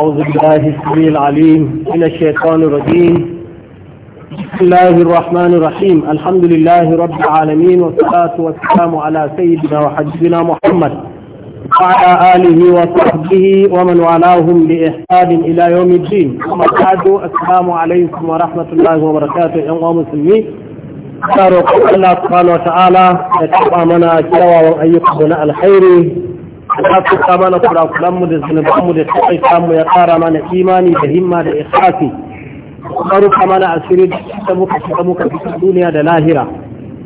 أعوذ بالله السميع العليم من الشيطان الرجيم بسم الله الرحمن الرحيم الحمد لله رب العالمين والصلاة والسلام على سيدنا وحبيبنا محمد وعلى آله وصحبه ومن والاهم بإحسان إلى يوم الدين أما بعد السلام عليكم ورحمة الله وبركاته يا مسلمين أشكر الله سبحانه وتعالى يتقى منا كلا وأن يقبل الخير su kusa mana kula-kulanmu da zunubanmu da tsakai samu ya kara mana imani da himma da ikhlasi kuma ruka mana asiri da muka shiga muka fita duniya da lahira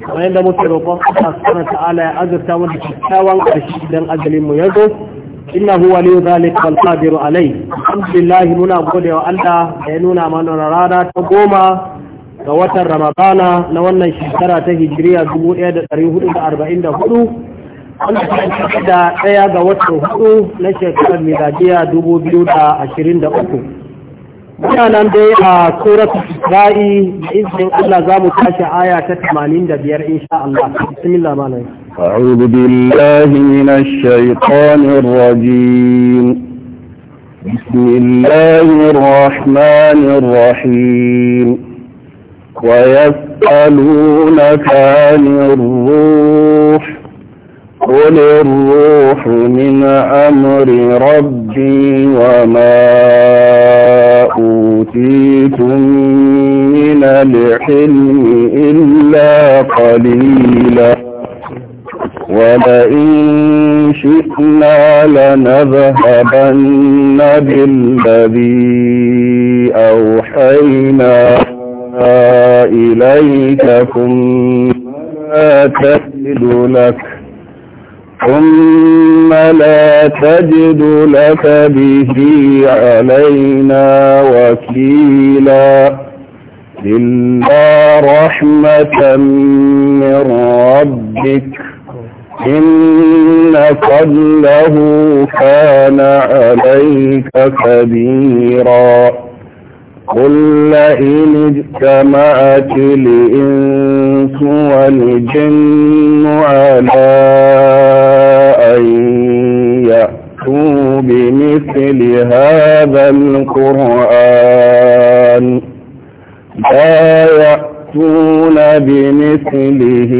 kamar yadda muke roƙon Allah subhanahu ta'ala ya azurta mu kyakkyawan ƙarshe idan ajalin mu yazo innahu waliyu zalika wal qadiru alai alhamdulillah muna gode wa Allah da ya nuna mana rana ta goma ga watan Ramadana na wannan shekara ta Hijiriya 1444 kuna ta da ɗaya ga watan hudu na shekarar miladiya 2023 muna nan dai a surat isra'i da izinin allah za mu tashi aya ta 85 insha allah bismillah malam أعوذ بالله من الشيطان الرجيم بسم الله الرحمن الرحيم ويسألونك عن الروح قل الروح من أمر ربي وما أوتيتم من الحلم إلا قليلا ولئن شئنا لنذهبن بالذي أوحينا إليك كنا تجد لك ثم لا تجد لك به علينا وكيلا إلا رحمة من ربك إن فضله كان عليك كبيرا قل لئن اجتمعت الإنس والجن على أن يأتوا بمثل هذا القرآن لا يأتون بمثله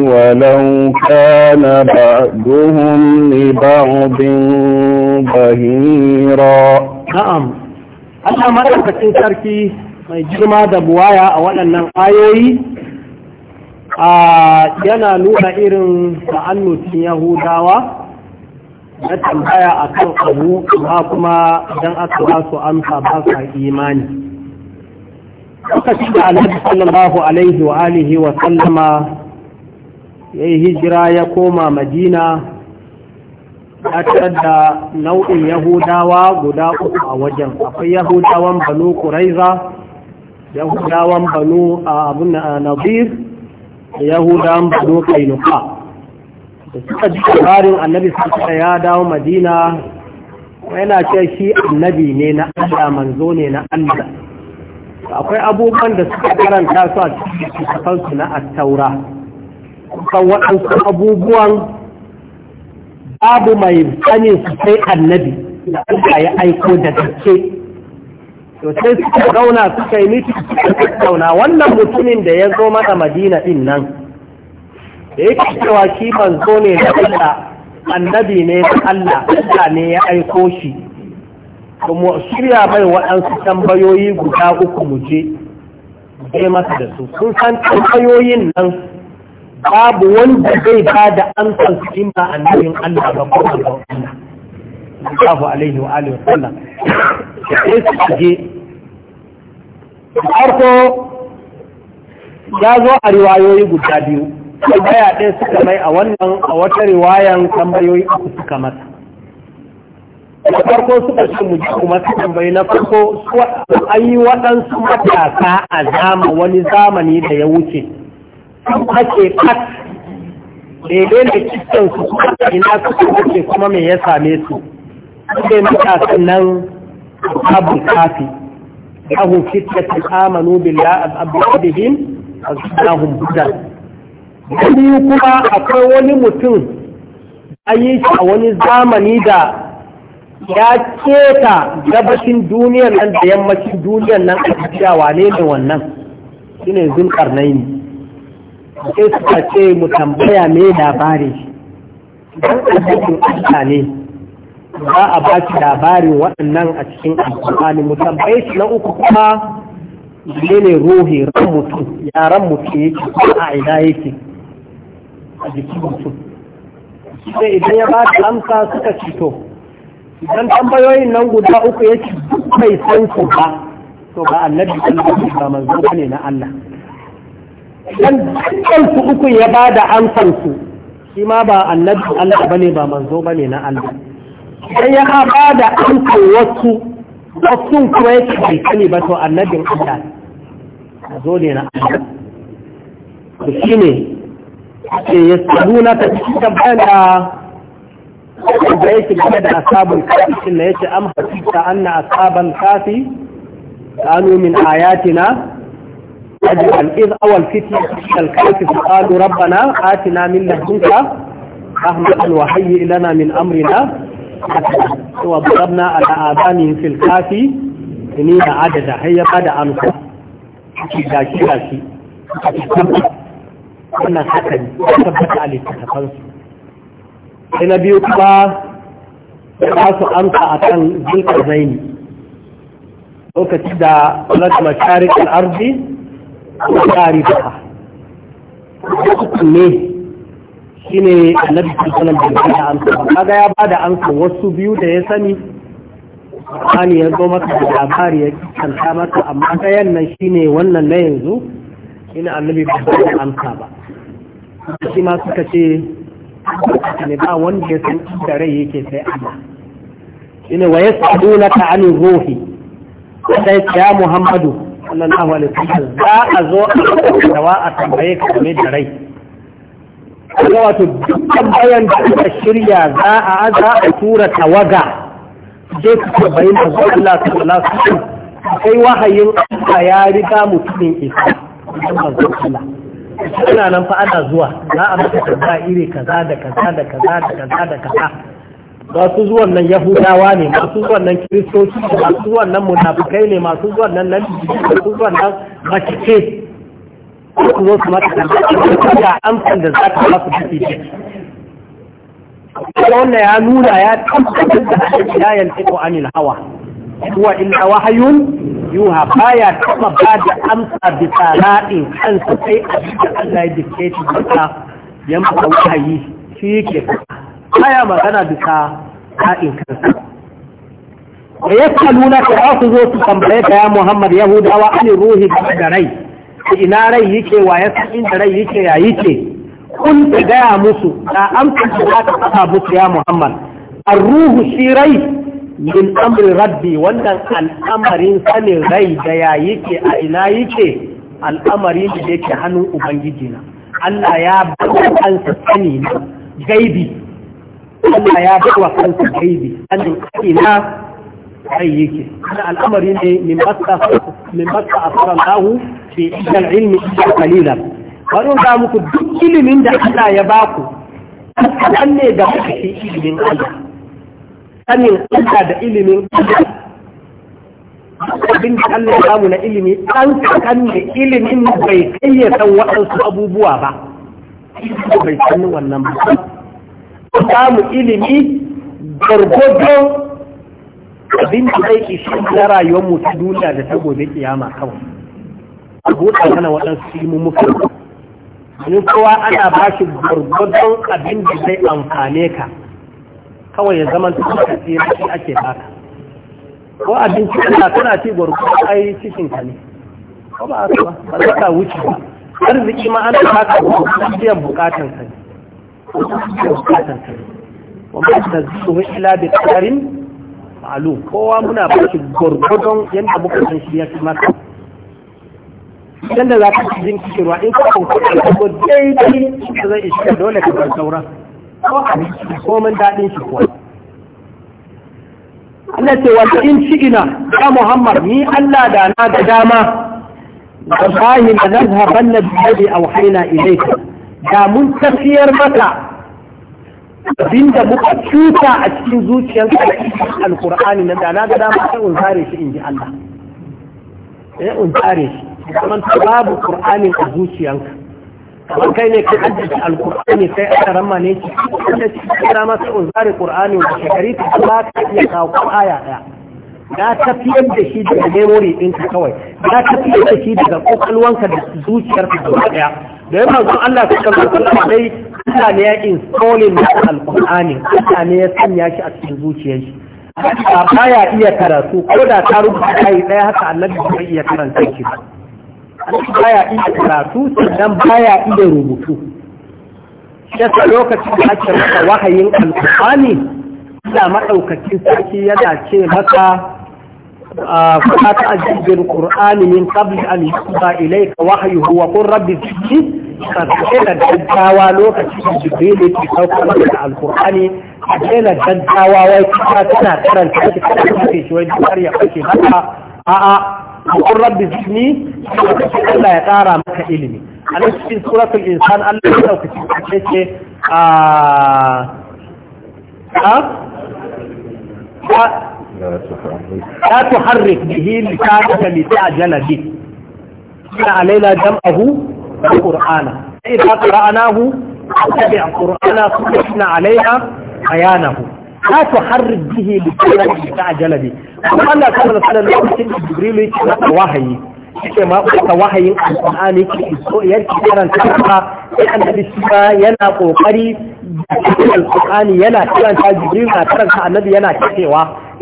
ولو كان بعضهم لبعض ظهيرا نعم Allah madaukakin sarki mai girma da buwaya a waɗannan ayoyi a yana nuna irin ta'annutin Yahudawa na tambaya a kan abu ba kuma don aka ba su amsa ba sa imani. Lokacin da Alhaji sallallahu Alaihi wa alihi wa sallama ya yi hijira ya koma Madina a da nau'in yahudawa guda uku a wajen akwai yahudawan banu kuraiza yahudawan banu abun nabir yahudawan banu kainuka da suka ji labarin annabi suka ya dawo madina yana ce shi annabi ne na allah manzo ne na allah akwai abubuwan da suka karanta su a cikin na attaura kan waɗansu abubuwan babu mai sanin su sai annabi da Allah ya aiko da ke. to sai suka zauna suka yi miki suka tattauna wannan mutumin da ya zo mana madina din nan da ke cewa shi manzo ne da Allah annabi ne da Allah Allah ne ya aiko shi kuma shirya mai waɗansu tambayoyi guda uku mu je masa da su sun san tambayoyin nan babu wanda zai ba da amsar cikin ba nufin Allah ga kuma ga Allah sallallahu alaihi wa alihi wasallam sai su je farko ya zo a riwayoyi guda biyu tambaya ɗaya suka mai a wannan a wata riwayan tambayoyi uku suka mata da farko suka ce mu ji kuma su tambayi na farko an yi waɗansu matasa a zama wani zamani da ya wuce an kwace kat daidai da cikin su ina suka kwace kuma me ya same su sai matasan nan abu kafi ahun fitkatin amanu abu al'abdihim a sunahun buddha da biyu kuma akwai wani mutum a yi shi a wani zamani da ya keta gabashin duniyar nan da yammacin duniyar nan a cikin ne ne wannan shine zulkarnaini sai suka ce mu tambaya me labari don annabin ne za a ba ki labari waɗannan a cikin alƙur'ani mu tambaye shi na uku kuma ne ne rohe ran mutum yaran mutum yake ko a ina yake a jikin mutum sai idan ya ba ta amsa suka cito idan tambayoyin nan guda uku yake duk bai san su ba to ba annabi Allah ba manzo ne na Allah dan dukkan su uku ya ba da amsan su shi ma ba annabi Allah bane ba manzo bane na Allah Idan ya ba da amsan wasu wasu kuma yake bai sani ba to annabin Allah zo ne na Allah to shine ke yasaluna ta cikin bayan da yake game da asabun kafin na yace am hasita anna asaban kafi kanu min ayatina أجعل إذ أول فتنة الكافر قالوا ربنا آتنا من لدنك رحمة وهيئ لنا من أمرنا وضربنا على آذانهم في الكافي إنين عددا هي بعد أمسا gashi wannan haka ne tabbata a littattafansu sai na biyu kuma za su amsa a kan zulkar zaini lokaci da kulat arzi. ta'arifaha ne shi ne annabi sallallahu alaihi wasallam da amsa kaga ya bada amsa wasu biyu da ya sani Qur'ani ya zo maka da labari ya kanta maka amma ɗayan nan shine wannan na yanzu Shi ina annabi ba da amsa ba shi ma suka ce ne ba wanda ya san da rai yake sai Allah shine wa yasalunaka anir ruhi sai ya Muhammadu sallallahu alaihi wasallam za a zo a dawa a tambaye ka game da rai kaga wato dukkan bayan da aka shirya za a za a tura tawaga je ku tambayi manzo Allah sallallahu alaihi su kai wahayin Allah ya riga mutumin isa zo Allah ana nan fa ana zuwa za a maka tambaya iri kaza da kaza da kaza da kaza da kaza masu zuwan nan yahudawa ne masu zuwan nan kiristoci ne masu zuwan nan munafikai ne masu zuwan nan nan masu zuwan nan makice su zo su mata da amsan da za ka masu su tafi ne wannan ya nuna ya tabbatar da ake ya ko anil hawa huwa illa wahayun yuha baya taba ba da amsa bisa raɗin kansa sai a cikin Allah ya diketi da ya masa wahayi shi yake fata baya magana bisa ka'in kansa da ya ka za su zo su tambaye ta ya muhammad yahudawa an ruhi da rai ina rai yake wa ya san inda rai yake ya yake kun ta gaya musu da amsa da za ta faɗa musu ya muhammad an ruhu shi rai min amri rabbi wannan al'amarin sanin rai da ya yake a ina yake al'amarin da yake hannun ubangiji na Allah ya bada kansa sani na gaibi Allah ya fi wa kansa gaibi an ina kai yake ana al'amari ne min basta a fara lahu fi ilal ilmi ila kalila bari ga muku duk ilimin da Allah ya baku kaɗan ne da muka fi ilimin Allah sanin Allah da ilimin Allah abin da Allah ya mu na ilimi ɗan kan ne ilimin bai kayyata waɗansu abubuwa ba bai sanin wannan ba samu ilimi gargwadon abin da zai ishi na rayuwar mu ta duniya da ta gobe kiyama kawai a buɗe mana waɗansu ilmummuka domin kowa ana ba shi gwargwadon abin da zai amfane ka kawai ya zama ta tsira shi ake baka ko abinci kana tana ci gwargwadon ai cikin ka ne ko ba a ba ba za ka wuce ba arziki ma ana baka gwargwadon biyan bukatan ka ne وما تنزله إلا بقدر معلوم kowa muna ba shi gurgurdon yadda muka san shi ya fi maka yadda za ka ci jin kishirwa in ka kan kuɗa ka ko daidai da zai ishi dole ka bar sauran ko abinci ko mun daɗin shi kuwa Allah ce wata in ina, ya Muhammad ni Allah da na da dama wallahi la na bi yadi awhayna ilayka da mun tafiyar mata, abin da muka cuta a cikin zuciyar alkur'ani na da na ga dama sai unzare shi in ji Allah sai eh, unzare shi kamar ta babu qur'anin a zuciyanka kamar kai ne kai haddace alkur'ani sai aka ramma ne ki da shi kira dama sai unzare qur'ani da shekari ta kuma ta iya kawo aya daya na tafiyar da shi daga memory ɗinka kawai na tafiyar da shi daga kokalwanka da zuciyarka gaba daya da yawan Allah su kan sallama dai Allah ne ya insolin da alƙulani Allah ne ya sanya shi a cikin zuciyar shi ba baya iya karatu ko da ta rubuta yi ɗaya haka annabi ba iya karanta shi ba baya iya karatu sannan baya iya rubutu yasa lokacin da ake maka wahayin alƙulani Allah maɗaukacin sarki yana ce maka فلا تأجل بالقرآن من قبل أن يقضى إليك وحيه وقل رب الزكي فكيلا جدتاوى لوكا جبريل يتوقع على القرآن فكيلا جدتاوى ويكتاتنا ترى الكاتب تأتي شوين تاريا فكي هكا آآ وقل رب الزكي فكيلا يتارى مكا إلمي أنا في سورة الإنسان أن لو كتاتي آآ آآ لا تحرك به لسانك لتعجل به قال علينا جمعه القرآن إذا قرأناه اتبع قرآن صلحنا عليها عيانه لا تحرك به لسانك لتعجل به قال الله صلى الله عليه وسلم جبريل يتنقى وحي كما قلت وحي القرآن يلتقى يلتقى لأن الاسماء يلتقى قريب القرآن يلتقى جبريل يلتقى النبي يلتقى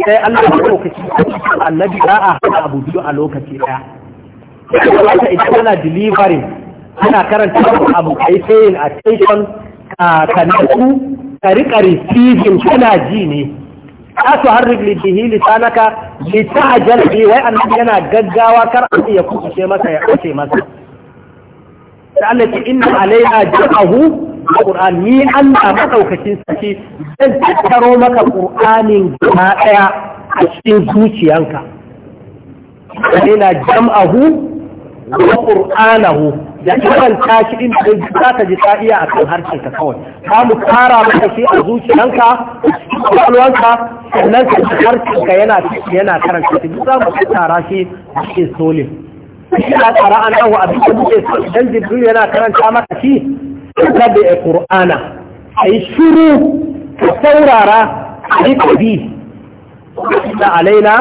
sai Allah ya lokaci annabi za a hana abu biyu a lokaci daya wata idan yana delivery ana karanta abu kai paying attention ka nasu ka rika receiving kana ji ne asu rigli bihi lisanaka li ta'jal bi wai annabi yana gaggawa kar a ya kuce masa ya kace masa da Allah ce inna alaina jama'ahu wa qur'an ni Allah madaukakin sashi zan tattaro maka qur'anin gaba daya a cikin zuciyanka alaiha jam'ahu wa qur'anahu da ta shi din da za ka ji sa'iya a kan harshen ka kawai ka mu fara maka shi a zuciyanka kwalwanka sannan ka harshen ka yana yana karanta shi za mu tara shi cikin solin ina tsara an hawa abin da muke so idan jibril yana karanta maka shi ka bi qur'ana ai shiru ka saurara ai kabi da alaina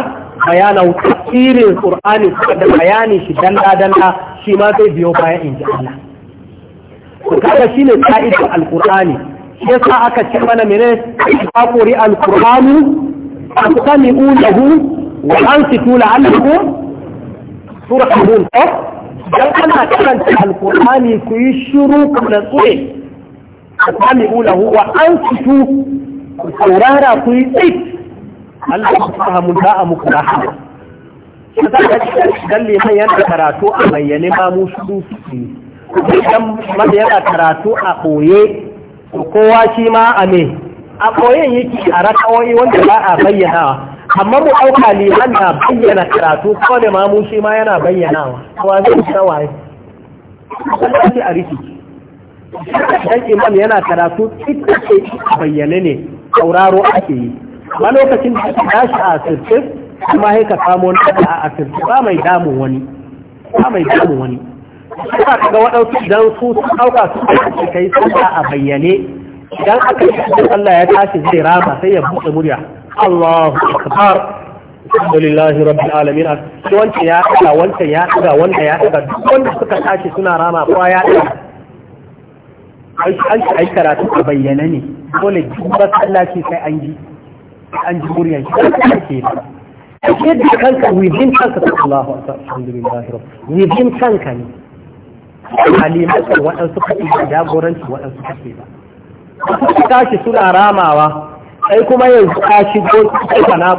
bayanan tafsirin qur'ani da bayani shi danda danda shi ma zai biyo in ji Allah to kaga shine ka'idar alqur'ani yasa aka ce mana mene ka qur'ani alqur'anu fastami'u lahu wa ansitu la'allakum sura al-mulk eh? dan ana karanta alqur'ani ku yi shiru ku natsuwe asami'u lahu wa ansitu ku saurara ku yi tsit Allah ku fahimu a muku rahama dan liman yana karatu a bayyane ma mu su suke dan mada yana karatu a ɓoye kowa shi ma a me a ɓoyen yake a rakawoyi wanda ba a bayyanawa amma mu ɗauka liman na bayyana karatu ko da mamu shi ma yana bayyanawa kawai zai fita waye Allah ce a riki dan imam yana karatu ita ce bayyane ne sauraro ake yi ba lokacin da ta tashi a asirtif, kuma haika ka samu wani a asirtif. ba mai damu wani ba mai damu wani suka kaga waɗansu idan su sun ɗauka su kai sallah a bayyane idan aka yi Allah ya tashi zai rama sai ya buɗe murya Allahu akbar alhamdulillahi rabbil alamin wancan ya daga wancan ya daga wanda ya daga duk wanda suka tashi suna rama kowa ya daga an shi ai karatu a bayyana ne dole duk ba masallaci sai an ji an ji muryar shi da ke ba ake da kanka within kanka ta Allahu akbar alhamdulillahi rabbil within kanka ne halimatar waɗansu kaɗi da jagoranci waɗansu kaɗi ba wasu tashi suna ramawa sai kuma yanzu ka shigo kuka na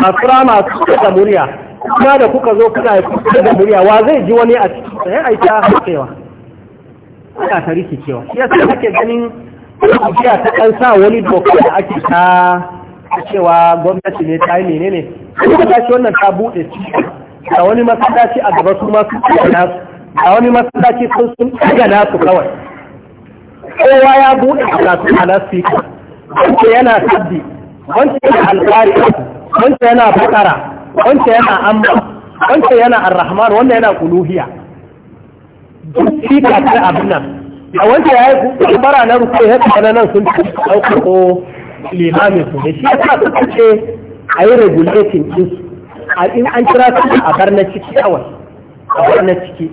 masu rama kuka da murya kuma da kuka zo kuna kuka da murya wa zai ji wani a cikin sai aita cewa ana ta cewa ya sai kake ganin jiya ta kan sa wani doka da ake ta cewa gwamnati ne ta yi menene kuma ta shi wannan ta buɗe ci ga wani masallaci a gaba su ma su da nasu ga wani masallaci sun sun ɗaga nasu kawai kowa ya buɗe a kasu a nasu wanda yana sabbi wanda yana alƙari wanda yana bakara wanda yana amma wanda yana arrahman wanda yana kuluhiya duk shi ka ta abin nan a wanda ya yi kubara na rufe ya tsana nan sun ci ɗaukar ko limamin su da shi ya sa suka ce a yi regulatin din su a in an kira su a bar na ciki awa, a bar na ciki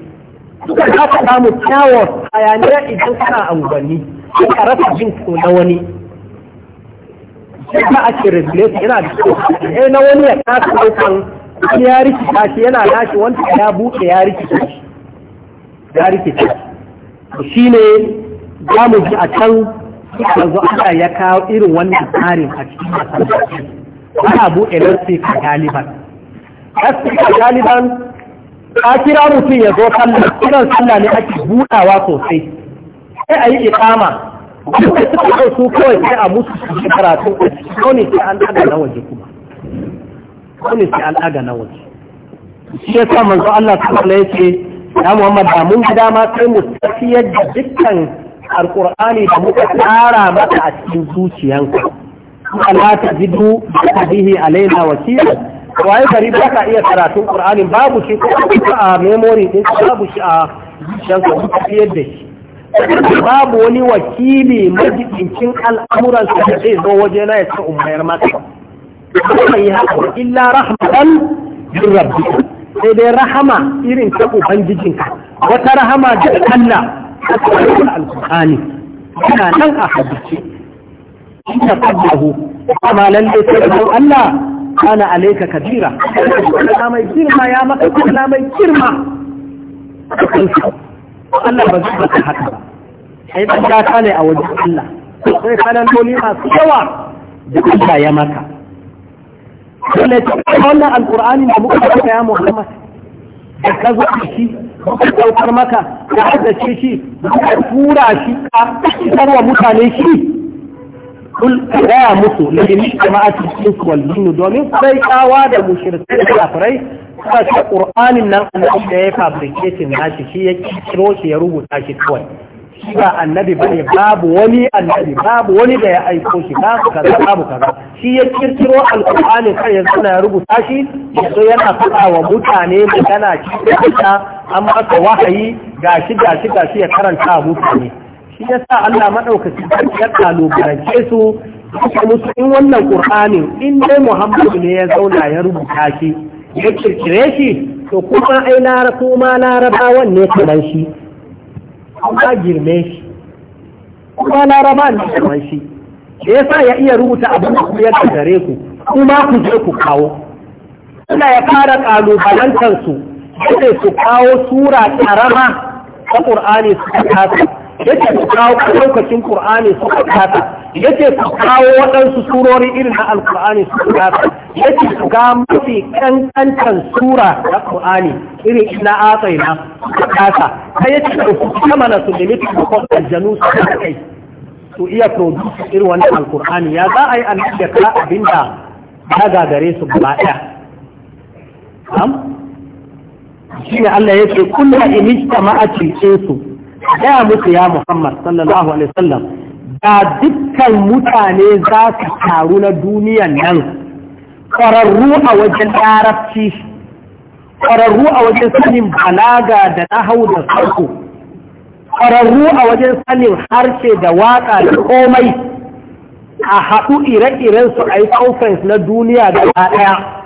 Duk za ka samu kyawun hayaniya idan suna unguwanni sai ka rasa jin na wani ba a ce regulation yana da shi eh na wani ya kasa daukan wani ya rikita shi yana lashe wanda ya buɗe ya rikita shi ya rikita shi ne za mu ji a can yanzu ana ya kawo irin wani tsarin a cikin masallaci ana buɗe lansi ka taliban lansi ka taliban a kira mutum ya zo sallah kiran sallah ne ake buɗawa sosai sai a yi ikama duk da suka hau su kawai sai a musu su karatu kawai sai an daga na waje kuma ko kawai sai an daga na waje shi ya sa manzo Allah ta kula yake ya Muhammad ba mun gida ma sai mu tafiyar da dukkan alqur'ani da muka tsara maka a cikin zuciyanka Allah ta jidu ta bihi alaina wakila waye gari ba ka iya karatun qur'ani babu shi ko a memory din babu shi a zuciyanka ku tafiyar da shi babu wani wakili majibincin al'amuran su da zai zo waje na yasa ce umayar maka kuma yi haka illa rahman bin rabbi sai dai rahama irin ta ubangijinka wata rahama da Allah ta da alƙur'ani tana nan a hadisi in ta Kuma amma lalle ta zo Allah kana alaika kabira kana mai girma ya maka kana mai girma Allah ba zai baka haka ba ai ban ta ne a wajen Allah sai sanan doli masu yawa da Allah ya maka Allah ya wannan alqur'ani da muka saka ya Muhammad da ka zo shi muka daukar maka da hada shi muka tura shi ka isarwa mutane shi kul gaya musu na jini jama'atu insu wal jinnu domin sai kawa da mushrikai da kafirai suka ce qur'anin nan annabi da ya fabricating na shi shi ya kiro shi ya rubuta shi kawai shi ba annabi bane babu wani annabi babu wani da ya aiko shi babu kaza babu kaza shi ya kirkiro Alƙur'ani kai ya zana ya rubuta shi yanzu yana faɗa wa mutane magana cikin ta an masa wahayi gashi gashi gashi ya karanta mutane shi ya sa Allah maɗaukaci ya kalubalance su suke musu in wannan ƙur'anin in dai Muhammadu ne ya zauna ya rubuta shi ya kirkire shi to kuma ai lara kuma larabawan ne kamar shi kuma girme shi kuma larabawan ne kamar shi ya sa ya iya rubuta abin da kuma yadda gare ku kuma ku je ku kawo suna ya fara kalubalantar su sai su kawo sura karama ta ƙur'ani su kasa yake su kawo lokacin qur'ani su ƙasa, yake su kawo waɗansu surori irin na alqur'ani su ƙasa, yake su ga mafi kankantan sura na qur'ani irin na atsaina su kasa kai yace su kama na su da miki ko aljanu su kai su iya produce irin wannan alqur'ani ya za a yi annabi da ka abinda ya gagare su gaba ɗaya am shine Allah yace kullu in insu gaya musu ya muhammad sallallahu alaihi wasallam da dukkan mutane za su taru na duniyan nan Kwararru a wajen larabci Kwararru a wajen sanin balaga da na hau da sarko Kwararru a wajen sanin harshe da waka da komai a haɗu ire-irensu a yi conference na duniya da ɗaya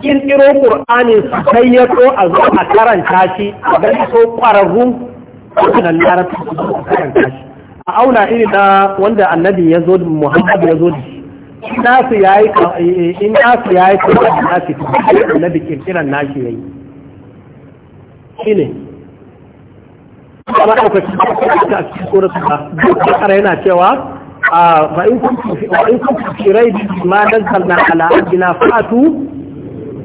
kirkiro ƙur'anin su bayyato a zo a karanta shi a bayyato ƙwararrun wannan larabci su zo a karanta shi a auna iri na wanda annabi ya zo muhammadu ya zo da shi nasu ya yi in nasu ya yi kuma eh, eh, da nasu ta annabi ƙirƙiran nashi ya yi shi ne kamar ɗaukacin da a cikin tsoron ba? duk yana cewa فإن كنت rai, ريب ma dan sallan ala'adina fatu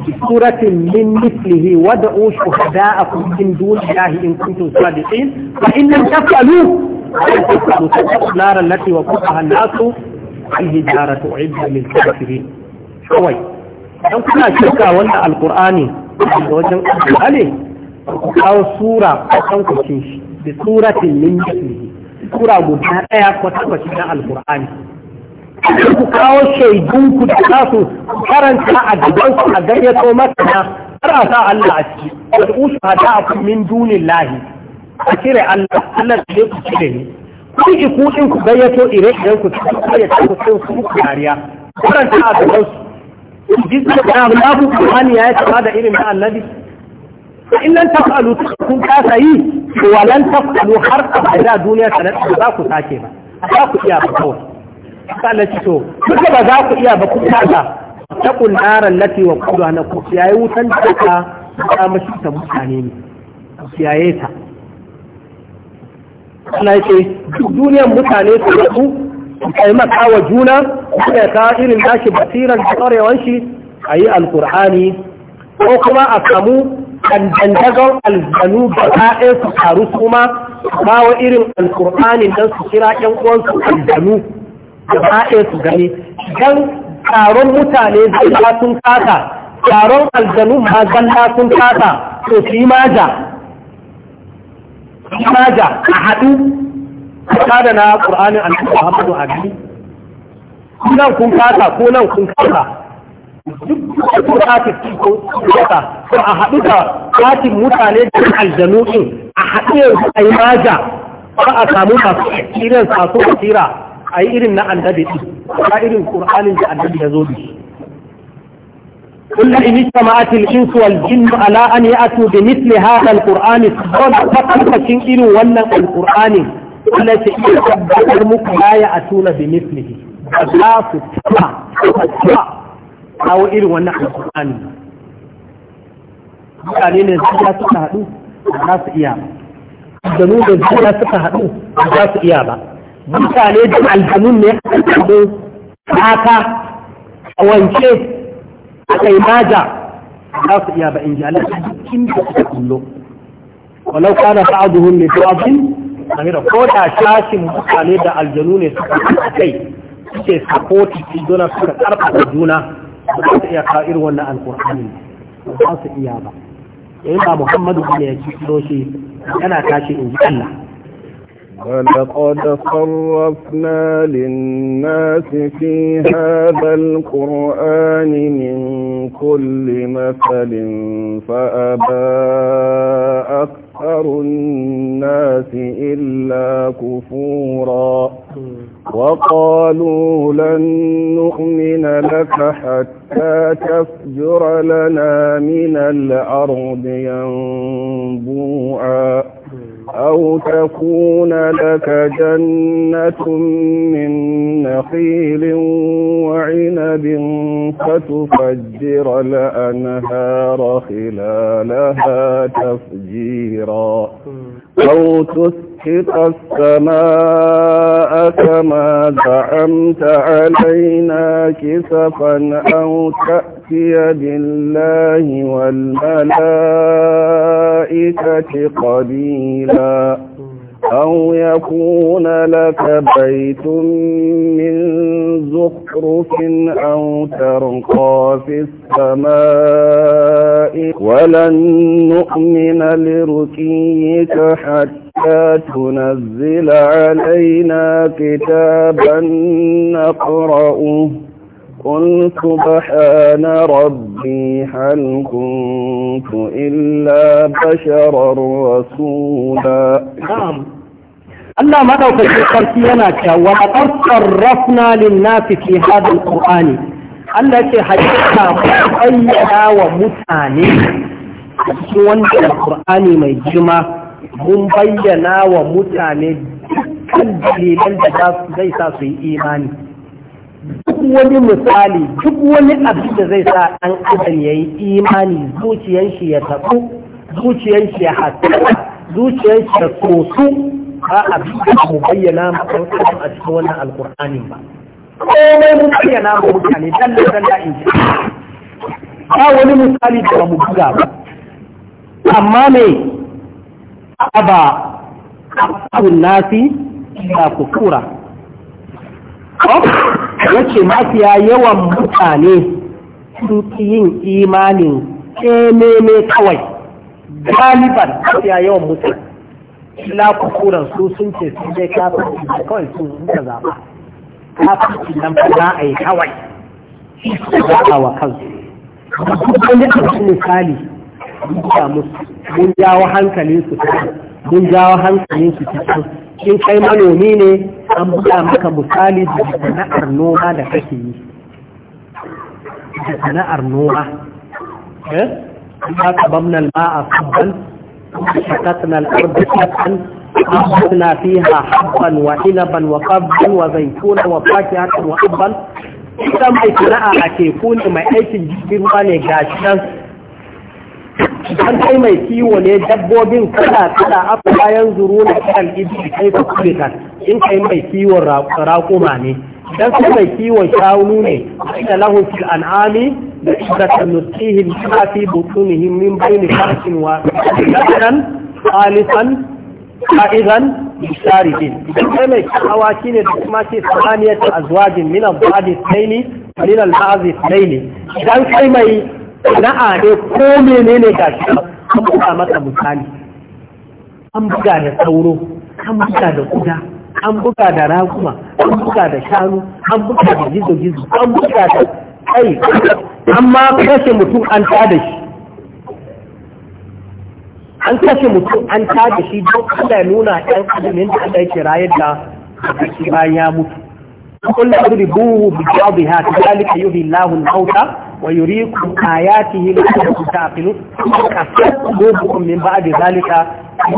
بسورة من مثله ودعوا شهداءكم من دون الله إن كنتم صادقين فإن لم تفعلوا النار التي وقودها الناس الهجارة أعد للكافرين شوي don kuna shirka wanda alkur'ani da wajen alkur'ani ku kawo sura kwatan kwacin shi da suratin min sura guda daya kwatan kwacin na alkur'ani ku kawo shaidun shaidunku da su karanta a su a gayyato masana har a sa Allah a ciki wal ushada akum min lahi. a cire Allah Allah ne ku cire ni ku ji ku ku gayyato ire iren ku ku gayyato ku sun ku kariya karanta a gabansu jizza da Allah ku Qur'ani ya tsama da irin da annabi in lan taf'alu kun kasa yi walan taf'alu har abada duniya sanar ba za ku sake ba za ku iya ba kawai Allah to duka ba za ku iya ba ku kasa ta kundaran lati wa kudu na ku yayi wutan da ka ta mashi ta mutane ne ku yaye ta Allah ya duk duniyar mutane su rabu su taimaka wa juna su ka irin tashi basiran da tsarewan shi ayi alkur'ani ko kuma a samu dandandagon aljanu ba ɗaya su taru su ma kawo irin alkur'ani don su kira yan uwansu aljanu gaba ɗaya su gani idan taron mutane zalla sun kasa taron aljanu ma zalla sun kasa to su yi maja su yi maja a haɗu ta da na ƙur'anin alhaji muhammadu a gani nan kun kasa ko nan kun kasa duk da su ko kasa ko a haɗu da kafin mutane da aljanu ɗin a haɗu yanzu a yi maja ba a samu masu experience masu basira a yi irin na annabi ɗin ba irin ƙur'anin da annabi ya zo da shi قل إن اجتمعت الإنس والجن على أن يأتوا بمثل هذا القرآن سبحان فقط شنئل ولا القرآن التي تبدأ لا يأتون بمثله لا تتبع irin wannan al القرآن mutane ne zuciya suka haɗu ba za su iya ba. Zanu da zuciya suka haɗu ba za su iya ba. mutane da aljanun ne da haka a wance a kai maja za su iya ba in ji Allah cikin da suka kullo walau kana sa'aduhum li a amira ko da shashin mutane da aljanu ne suka kai suke sakoti ci dona suka karfafa juna za su iya kawo irin wannan alkur'ani ba su iya ba yayin eh, ba muhammadu ne ya ci shi yana tashi in ji Allah ولقد صرفنا للناس في هذا القرآن من كل مثل فأبى أكثر الناس إلا كفورا وقالوا لن نؤمن لك حتى تفجر لنا من الأرض ينبوعا أو تكون لك جنة من نخيل وعنب فتفجر الأنهار خلالها تفجيرا أو تسر نسقط السماء كما زعمت علينا كسفا أو تأتي بالله والملائكة قبيلاً أو يكون لك بيت من زخرف أو ترقى في السماء ولن نؤمن لرقيك حتى تنزل علينا كتابا نقرأه قل سبحان ربي هل كنت إلا بشرا رسولا نعم الله ما دوك الشيخ وقد صرفنا للناس في هذا القرآن Allah ce hakika bayyana wa mutane cikin wannan mai jima, mun bayyana wa mutane kan dalilan da zai sa su yi imani duk wani misali duk wani abin da zai sa ɗan adam ya yi imani zuciyar shi ya taɓu zuciyar shi ya hatta zuciyar shi ya soso ba abin da mu bayyana mutum a cikin wannan Alƙur'ani ba komai mu bayyana mu mutane dalla dalla in ji ba wani misali da mu buga ba amma me aba abun nasi da kufura wace mafiya yawan mutane sun fi yin imanin kememe kawai galiban mafiya yawan mutane illa kukuran su sun ce sun dai kafin da kawai sun suka zaba, kafin nan fa za a yi kawai su zaɓa wa kansu duk wani abin misali mun jawo hankalinsu mun jawo su cikin in kai manomi ne an buɗa maka misali da sana'ar noma da kake yi da sana'ar noma eh? an ba ka bamnal ba a sabon shakatun al'arba shakan an buɗa fi ha haɓɓan wa inaban wa ƙabban wa zaitona wa fati haɗin wa haɓɓan ita mai sana'a a teku ne mai aikin jikin ruwa ne ga an kai mai kiwo ne dabbobin kala kala aka bayan zuru na kan ibi kai kure kulikan in kai mai kiwon raƙuma ne dan kai mai kiwon shawunu ne inna lahu fil an'ami da ibratan nusihim ma fi butunihim min bayni farqin wa kadan khalisan qa'idan idan kai mai kawawa shine da kuma ce saniyat azwajin min al-ba'd al-layli min al-ba'd kai mai na ne ko menene ga shi an buga masa misali an buga da sauro an buga da kuda an buga da raguma an buga da shanu an buga da gizo-gizo an buga da kai amma kashe mutum an tada shi an kashe mutum an tada shi don Allah ya nuna ɗan adamin da Allah yake rayar da shi bayan ya mutu kullum ribuhu bi jabiha kadhalika yuhillahu al-mauta wa yurikum ayatihi la'allakum ta'qilun kasat qulubukum min ba'di zalika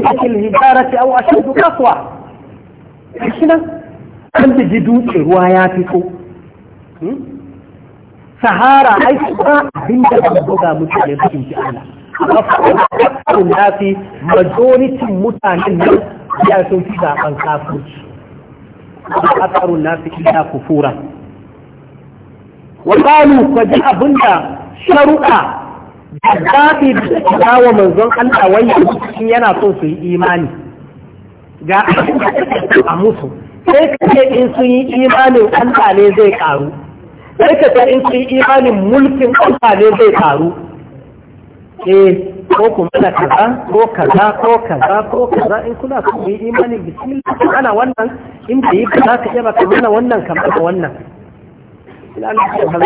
akil hijarati aw ashad qaswa kina kan ji dutse ruwa ya fito sahara ai ba abin da ban buga mutane su ji Allah kafin nafi majoritin mutanen nan ya sun fi zaben kafirci a tsarun nafi ila kufura wa qalu ka ji da sharuɗa da zafi da suke kawo manzon Allah wanda in yana so su yi imani ga a musu sai ka ce in sun yi imanin Allah ne zai karu sai ka ce in sun yi imanin mulkin Allah ne zai karu eh ko kuma na kaza ko kaza ko kaza ko kaza in kuna ku yi imani bismillah ana wannan in da yi za ka yaba kamar wannan kamar wannan lalata ba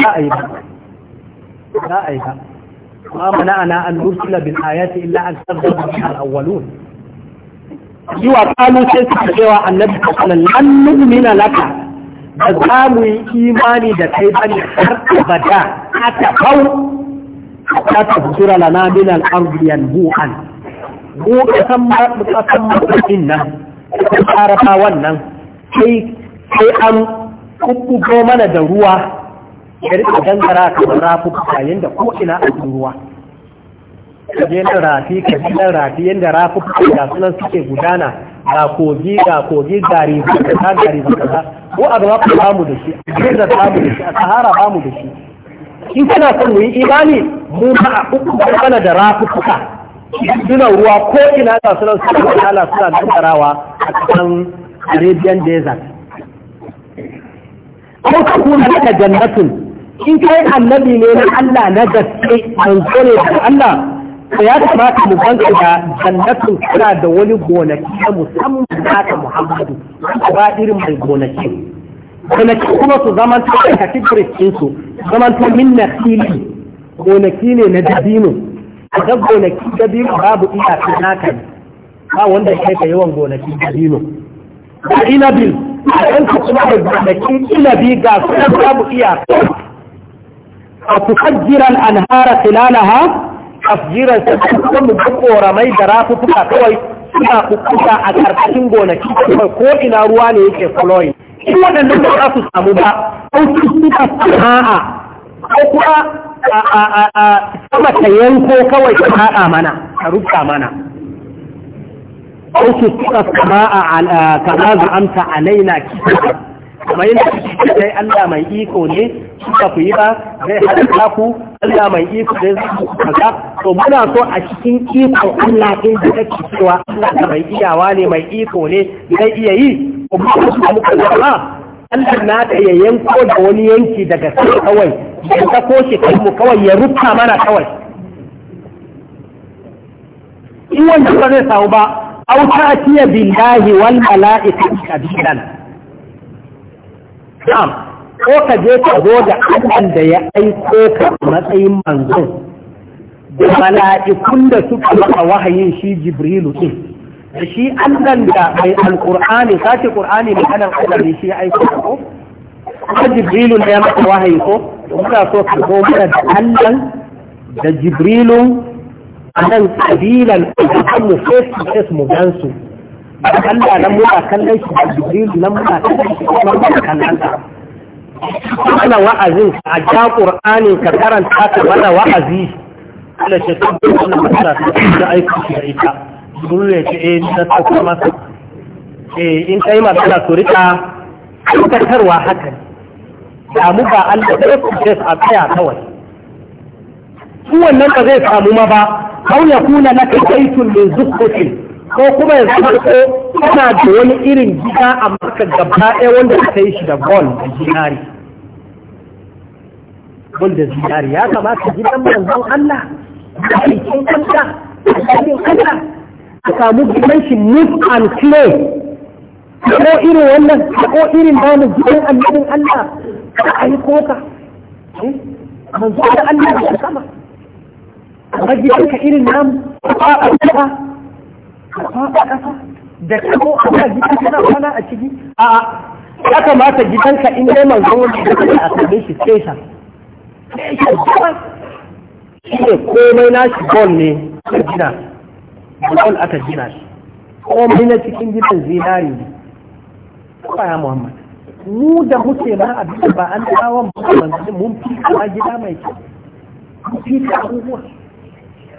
za a ana an nursila bin ayati illa an sarrafa bi al-awwalun yi wa cewa annabi sallallahu alaihi nu'mina laka da za mu yi imani da kai ba ne har abada ka ta kau ka ta fura lana min al-ardi yanbu'an ko kasan kasan mutum nan ko arafa wannan sai an kukkugo mana da ruwa ka rika gangara kamar rafuka yadda ko ina a cikin ruwa ka je rafi ka je nan rafi yadda rafuka da sunan suke gudana ga kogi ga kogi gari ta gari ka ko a gaba ku mu da shi a samu da shi a sahara mu da shi in kana son mu yi imani mu ba a uku kana da rafuka suna ruwa ko ina da sunan suke gudana suna gangarawa a cikin Arabian desert. Ko ka kuna daga jannatin in kai annabi ne na Allah na gaske manzo ne da Allah to ya kamata mu banka da jannatin kira da wani gonaki na musamman da Muhammadu ba irin mai gonaki gonaki kuma su zaman to a categories din su zaman to min na fili gonaki ne na dabino a ga gonaki dabino babu iya iyaka naka ba wanda ya ka yawan gonaki dabino da inabil a yanka kuma da gonaki inabi ga sunan babu iya. فتفجر الأنهار خلالها tafjiran sai mu ga koramai da rafuka kawai suna kukuta a karkashin gonaki ko ina ruwa ne yake flowing in waɗannan ba za su samu ba au su suka sana'a ko kuma a sama ta yanko kawai ta mana rubuta mana kamar yadda sai Allah mai iko ne suka fi ba zai hada ku Allah mai iko zai zai ku kaza to muna so a cikin ikon Allah ɗin da kake cewa Allah da mai iyawa ne mai iko ne zai iya yi ko muka so muka zama Allah na da ya yanko da wani yanki daga sai kawai ya sako shi kai mu kawai ya rufa mana kawai in wanda ba zai samu ba auta tiya billahi wal mala'ikati kabilan na'am ko ka je ka zo da Allah da ya aiko ka matsayin manzon da mala'ikun da suka maka wahayin shi Jibrilu din da shi Allah da mai alkur'ani sace qur'ani mai anan Allah ne shi ya aiko ko ko Jibrilu ne ya maka wahayi ko muka so ka zo mana da Allah da Jibrilu anan kabilan da mu face to face mu gansu Allah nan muna kallon shi da Jibril nan muna kallon shi kuma muna kallon ka. Wannan wa'azin a ja Qur'anin ka karanta ka mana wa'azi Allah ce ta bi wannan matsala ta da aiki shi da ita. Jibril ya ce eh na ta kuma eh in kai matsala to rika karantarwa haka ne. Damu ba Allah ɗaya ku ce a tsaya kawai. Su wannan ba zai samu ma ba. Kau ya kuna na kai kaitun min zukkutin ko kuma ya zama ko da wani irin gida a maka gaba ɗaya wanda suka yi shi da gol da zinari gol da zinari ya kamata gidan manzon Allah da aikin kanta da aikin kanta ka samu gidan shi move and play ko irin wannan ko irin bamu gidan annabin Allah ka aiko ka eh? manzo da Allah ya sama ka gidan ka irin namu a a faɗa ƙasa da kamo a kan gidan kana kwana a ciki a ya kamata gidanka in dai manzon wani da kake a same shi station station shi ne komai nashi bol ne a gina bol aka gina shi komai na cikin gidan zinari ne kwaya muhammad mu da muke ma abin ba an tsawon ba mun fi kama gida mai kyau mun fi abubuwa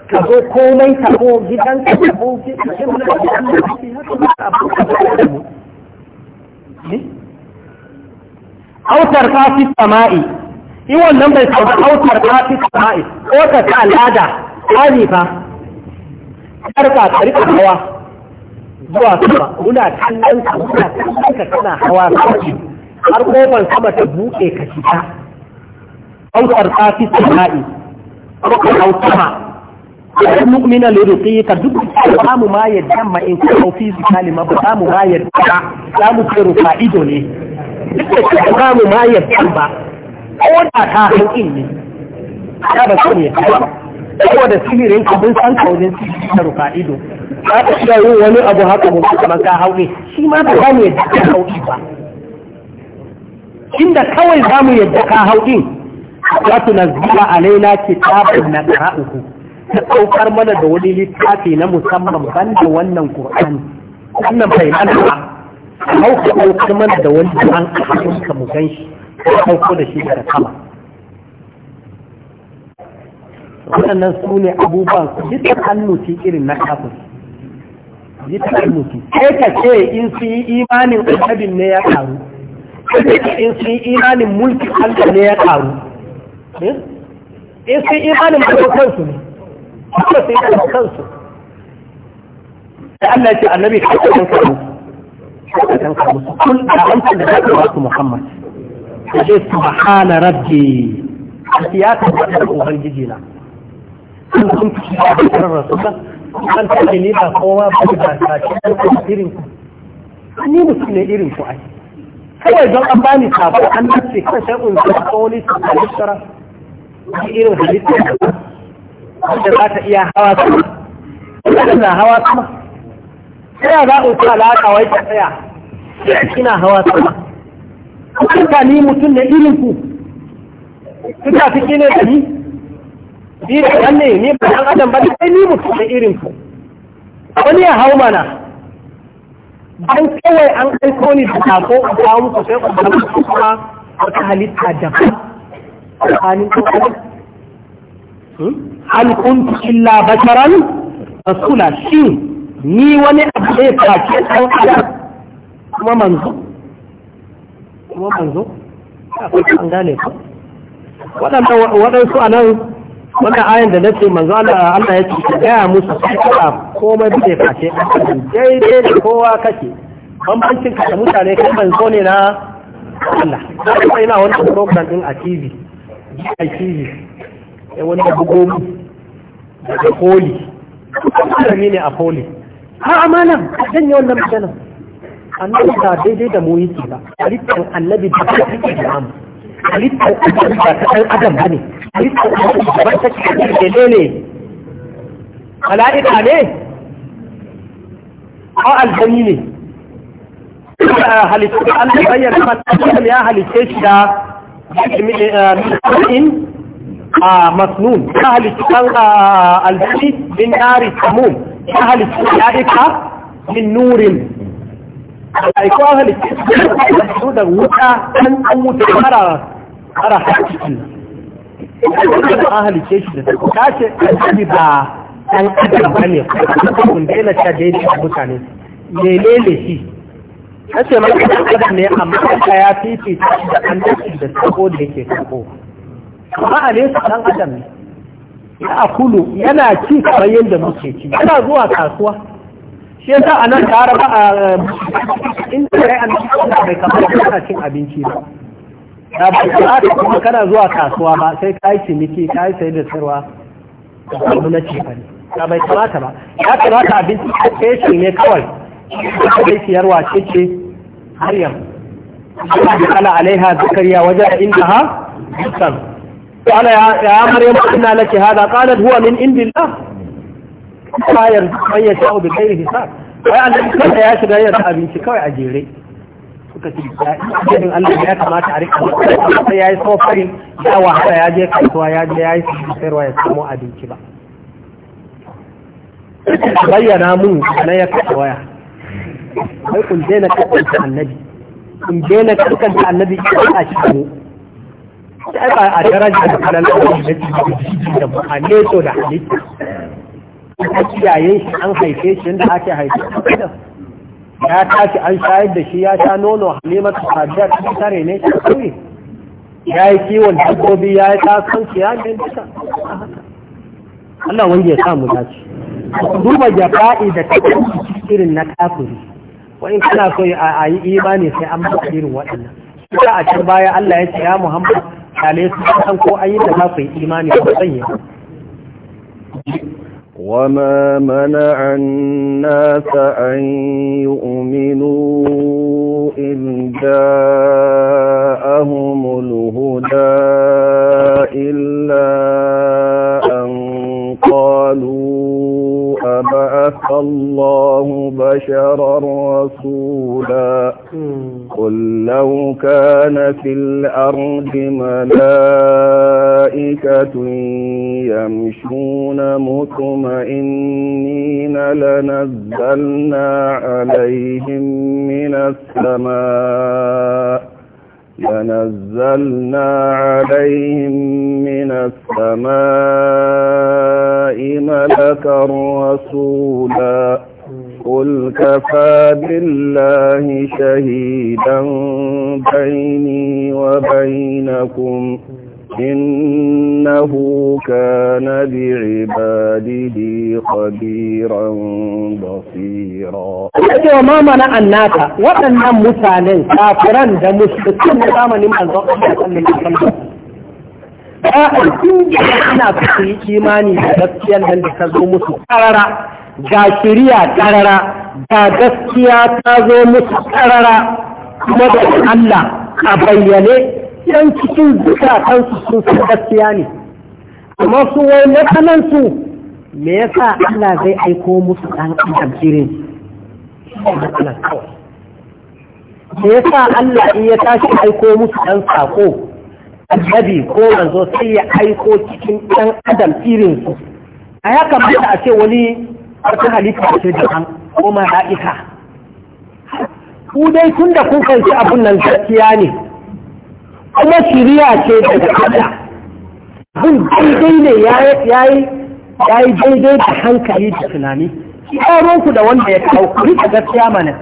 ka zo komai ka zo gidan ka ka zo autar ka fi sama'i in wannan bai sauka autar ka fi sama'i ko ka sa lada tsari fa karka ka rika hawa zuwa sama muna kallon ka muna kallon ka kana hawa sarki har kofar sama ta buɗe ka shiga autar ka fi sama'i ko ka hau sama wani mu'mina da rufe ka duk za mu ma yadda ma in kuma physically ma ba mu ma yadda za mu kai rufa ido ne za mu ma yadda ba ko da ta hankin ne ya ba su yadda ba ko da sirrin ka mun san kaunin ta rufa ido za ka iya yin wani abu haka mun kuma ka haure shi ma ba za mu yadda ka haure ba inda kawai za mu yadda ka haure za su nazzila alaina kitabun na ka'uku ta saukar mana da wani littafi na musamman ban da wannan Qur'ani wannan bai ba hau ka saukar mana da wani an kafin ka mu gan shi ka sauko da shi daga sama waɗannan su ne abubuwa su ji ta ci irin na kafin ji ta ci sai ka ce in su yi imanin annabin ne ya karu in su yi imanin mulkin Allah ne ya karu eh? in su yi imanin mutum kansu ne kuma sai yana kansu da Allah ce annabi ka kan ka musu ka kan ka musu kun da amsa da ka ba su Muhammad ya ce subhana rabbi ya ta da ubangiji na kun kun ci da rasulullah kan ta ni ba kowa ba da ta ce irin ku ni mutum ne irin ku ai kawai don an bani sabo an nace kan shay'un da kawai ta halittara irin halittar halittara wanda za ta iya hawa sama wanda na hawa sama tsaya za ku ta alaƙa wai ta tsaya kina hawa sama kuka ni mutum ne irin ku kuka fi kine da ni ni da ne ni ba dan adam ba sai ni mutum ne irin ku wani ya hau mana dan kawai an aiko ni da sako a kawo ku sai ku kuma wata halitta daban tsakanin kuma hal kuntu illa basharan rasula shi ni wani abu ne face dan adam kuma manzo kuma manzo an gane Waɗannan waɗansu a nan wannan ayan da nace manzo Allah ya ce gaya musu kada komai bude face daidai da kowa kake bambancin ka da mutane kai manzo ne na Allah sai ina wannan program din a TV a TV sai wani ya bugo mu daga poli malami ne a poli ha amalan zan yi wannan magana annabi ta daidai da mu yake ba halittar annabi da ta yake da halittar annabi ba ta ɗan adam ba ne halittar annabi ba ta ke da ne mala'ika ne ko aljani ne halittu Allah bayyana masa ya shi da eh, in آه، مسنون كهل تتنقى الحديث من نار السموم كهل تتنقى من نور كهل تتنقى من نور كهل تتنقى من نور كهل تتنقى من نور kashe mai kasar ne amma ya fifita da an da su da sako da yake sako Kuma a nesa ɗan adam ne ya akulu yana ci kamar yadda muke ci yana zuwa kasuwa shi yasa a nan tare ba a eh, inda ya an bai kamar kana cin abinci ba da ba ka ta kuma kana zuwa kasuwa ba sai ka yi ciniki ka yi sayar da sayarwa da kuma na ce fari da bai kamata ba ya kamata abinci a keshi ne kawai bai siyarwa ce ce har yamma Allah ya kala alaiha zakariya wajen inda ha dukkan قال يا مريم قلنا لك هذا قالت هو من عند الله ما يرزق من يشاء بغير حساب وقال لك يا شباب يا ابي انت كوي عجيري كتبت الله يا كما تعرف يا صوفي يا وحده يا جيك يا جاي يا سير ويا سمو ادي كبا بينا من لا يكوايا هل كنت بينك وبين النبي كنت بينك وبين النبي sai ba a daraja da kalalawar da ke da a neto da halitta a kiyaye shi an haife shi yadda ake haife shi ya tashi an shayar da shi ya sha nono halimatu sadiya ta tare ne ta kuri ya yi kiwon dabbobi ya yi kasuwanci ya ne duka Allah wanda ya sa samu dace duba jafa'i da ta irin na kafiri wa in kana so a yi imani sai an ba irin waɗannan ita a can baya Allah ya ce ya Muhammad حاليسي أن قوى أي تلاقي إيماني وصيح وما منع الناس أن يؤمنوا إن جاءهم الهدى إلا بعث الله بشرا رسولا قل لو كان في الأرض ملائكة يمشون مطمئنين لنزلنا عليهم من السماء لنزلنا عليهم من السماء ملكا رسولا قل كفى بالله شهيدا بيني وبينكم إنه كان بعباده خبيرا بصيرا أجل منع الناس وأن مثالا كافرا ده مشركين زمن من الزقاء من الزقاء ba'a ana su imani da gaskiyar nan da ta zo musu karara ga shirya karara ga gaskiya ta zo musu karara kuma da Allah a bayyane yan cikin zukatansu sun san gaskiya ne amma su wai matsalansu me ya sa Allah zai aiko musu ɗan adam irin matsalan kawai me sa Allah in ya tashi aiko musu ɗan sako annabi ko manzo sai ya aiko cikin ɗan adam irin su a ya kamata a ce wani wata halitta ce da ko mara'ika? ku dai tun da kun kanci abun nan gaskiya ne kuma shiriya ce daga kada abin daidai ne ya yi daidai da hankali da tunani ƙaron ku da wanda ya kawo ku rika gaskiya mana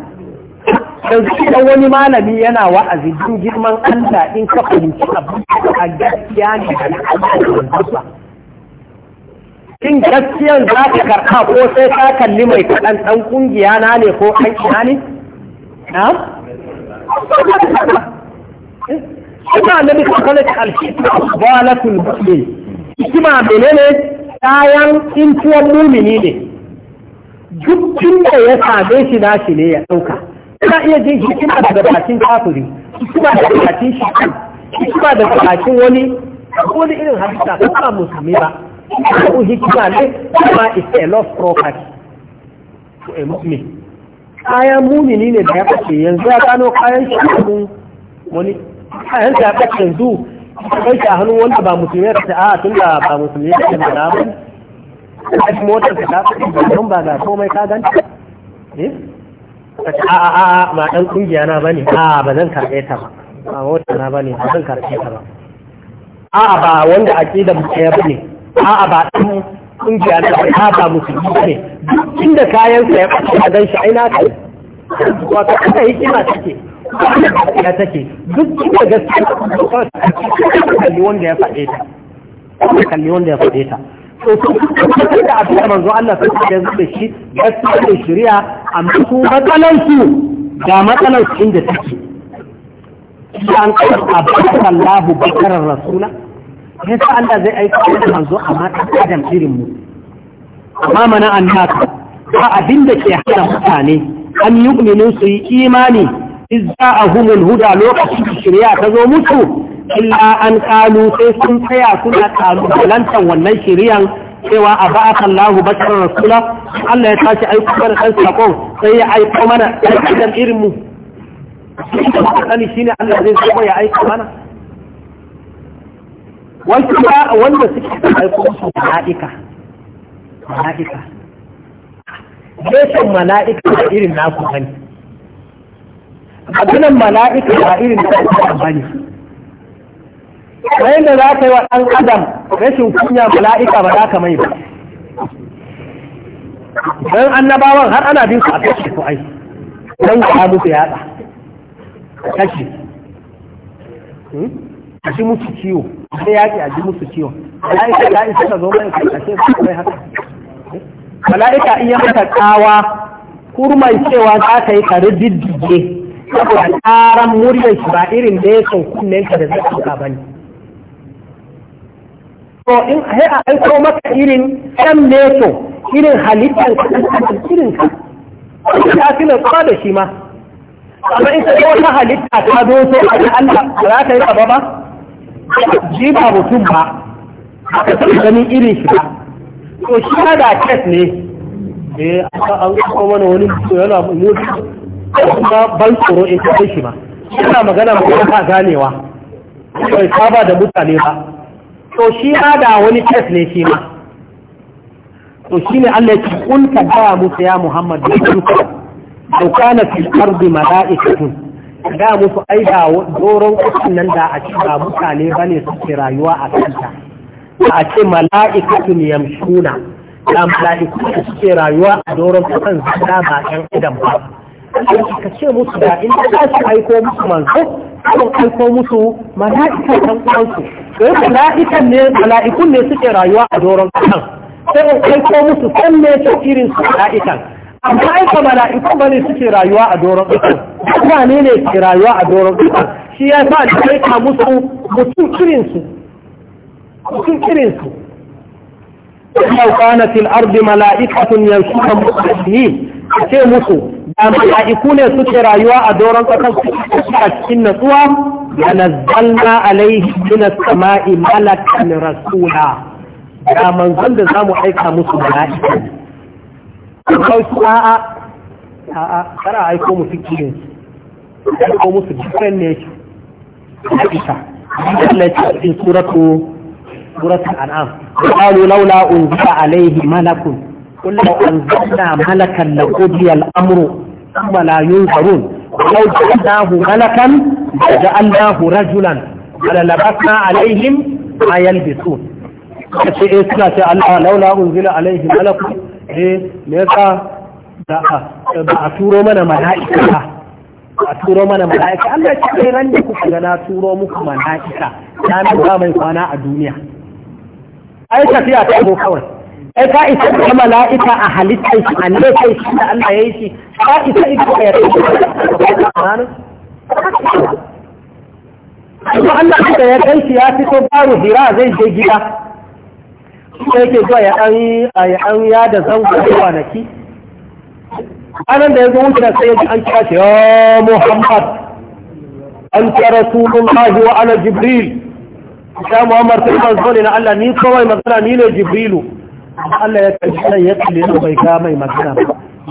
yanzu idan wani malami yana wa'azi don girman Allah in ka fahimci abin a gaskiya ne da Allah in gaskiyan za ka karɓa ko sai ka kalli mai kaɗan ɗan ƙungiya na ne ko ɗan ina ne? Na? kuma annabi ka kala ta alhikma balatul mu'min hikima menene kayan intuwan mumini ne duk da ya same shi na shi ne ya ɗauka ina iya jin hikima daga bakin kafiri hikima daga bakin shi hikima daga bakin wani wani irin hadisa ko ba musulmi ba ko hikima ne kuma is a lost property to a mu'min kayan mumini ne da ya kace yanzu ya gano kayan shi wani a yan zaɓe yanzu kai shi a hannun wanda ba musulmi ya ta a tun da ba musulmi ka ta da ba a shi motar ka ta don ba ga komai ka ganta ka eh? ta a a a ba ɗan ƙungiya na ba ne a ba zan karɓe ta ba ba motar na ba ne ba zan karɓe ta ba a a ba wanda aƙidar mu ɗaya ba ne a a ba ɗan ƙungiya na ba ta ba musulmi ba ne inda kayan sa ya ɓata a gan shi ai na kai kuma ka yi kima take ya take duk da gaskiya kalli wanda ya faɗe ta kalli wanda ya faɗe ta to su da abin da manzo Allah sai da zai shi gaskiya da shari'a amma su matsalan su da matsalan su inda take shi an kai abin Allah bakarar rasula yasa Allah zai aika da manzo amma adam irin mu amma mana annaka, haka ba abin da ke hana mutane an yi su yi imani izza a humul huda lokacin da shirya ta zo musu illa an kalu sai sun tsaya suna kalubalantar wannan shiryan cewa a ba a lahu bashirar rasula Allah ya tashi aiko mana ɗan sakon sai ya aiko mana ɗan irin mu sani shine Allah zai zama ya aiko mana wasu ba wanda suke aiko musu mala'ika mala'ika can mala'ika da irin naku bane abinan mala'ika ba irin da ake ba bani. yayin da za ka yi wa ɗan adam rashin kunya mala'ika ba za ka mai ba don annabawan har ana bin su a kashe su ai don ka su yatsa kashe hmm? a ji musu ciwo sai yaƙi a ji musu ciwo mala'ika ya isa ka zo mai kashe su mai haka mala'ika iya mata kawa kurman cewa za ka yi kare riddige saboda karan muryar shi ba irin da ya sau kunnen ka da zai ɗauka ba ne to in sai a aiko maka irin ɗan neto irin halittar ka irin ka ya fi na tsara da shi ma amma in ka ga wata halitta ta doso a ga Allah ba za ta yi gaba ba ji ba mutum ba ba ka taɓa ganin irin shi ba to shi ma da kes ne eh an kawo mana wani yana mutu kuma ban tsoro in kai shi ma yana magana ba ka ganewa ka ba da mutane ba to shi ma da wani test ne shi ma to shi ne Allah ya kun ka musu ya Muhammad da duka dauka na fil ardi mala'ikatun da musu ai da doron kusin nan da a ci ba mutane bane suke rayuwa a kanta a ce mala'ikatu yamshuna da mala'iku suke rayuwa a doron kusan zada ba ɗan idan ba ka ce musu da in ka shi aiko musu manzo kan aiko musu mala'ikan kan uwansu to yadda mala'ikan ne mala'ikun ne suke rayuwa a doron kan sai in aiko musu san ne ta irin su mala'ikan amma ai ka mala'ikun bane suke rayuwa a doron kan kuma ne ne ke rayuwa a doron kan shi ya sa da aika musu mutum irin su mutum irin su لو كانت الأرض ملائكة يمشون مستحيين a ce musu da mala'iku ne suke rayuwa a doron ƙasar suke a cikin natsuwa da nazzalna alaihi min samai malakan rasula da manzon da zamu aika musu da mala'ika ko kai su a'a a'a kara aiko musu kidin aiko musu jikin ne shi Aisha Allah ya ce suratu suratul an'am qalu laula a alaihi malakun قل لو أنزلنا ملكا لقضي الأمر ثم لا ينكرون ولو جعلناه ملكا لجعلناه رجلا وللبسنا عليهم ما يلبسون kace eh suna ce Allah laula unzila alaihi malaku eh me yasa da ba a turo mana mala'ika ba a turo mana mala'ika Allah ce kai ran da kuka ga na turo muku mala'ika ta nan ba mai kwana a duniya ai tafiya ta zo kawai kai ka isa ka mala'ika a halittar shi a ne shi da Allah ya yi shi ka isa ita ka yarda shi Kuma Allah da ya kai shi ya fito baro hira zai je gida. Shi yake zuwa ya an ya da zango da kwanaki. Anan da ya zo wuce sai ya ji an kira shi ya Muhammad. An kira Rasulullahi wa ana Jibril. Ya Muhammad sai ban zo ne na Allah ni kawai magana ni ne Jibrilu. Allah ya kalli ya kalli na bai ga mai magana ba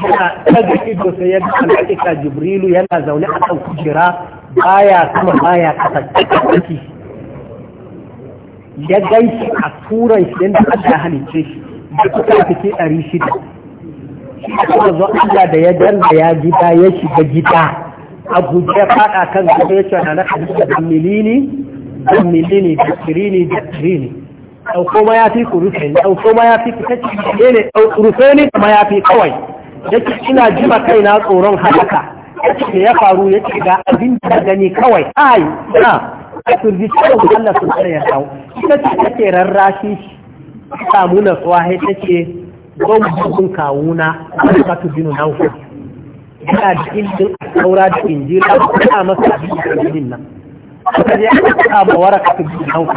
yana daga ido sai ya ga malaika Jibrilu yana zaune a kan kujera baya kuma baya kasa ciki ya gaishe a turan shi da Allah halice shi da kuka fice ɗari shida kuma zo Allah da ya danna ya gida ya shiga gida a guje ya faɗa kan gaba ya ce na na da milini milini da tirini da tirini ɗauko ma ya fi ku rufe ni ɗauko ma ya fi ku kace ne ne rufe ni ma ya fi kawai yake ina jima kaina tsoron halaka yake ya faru yake ga abin da gani kawai ai na a turji cewa Allah su ya kawo ita ce take rarrashi samu natsuwa sai take gwamnatin kawuna a katu binu nauku yana da ilimin saura da injila ana masa abin da nan. Aka je ta kama waraka su binu nauku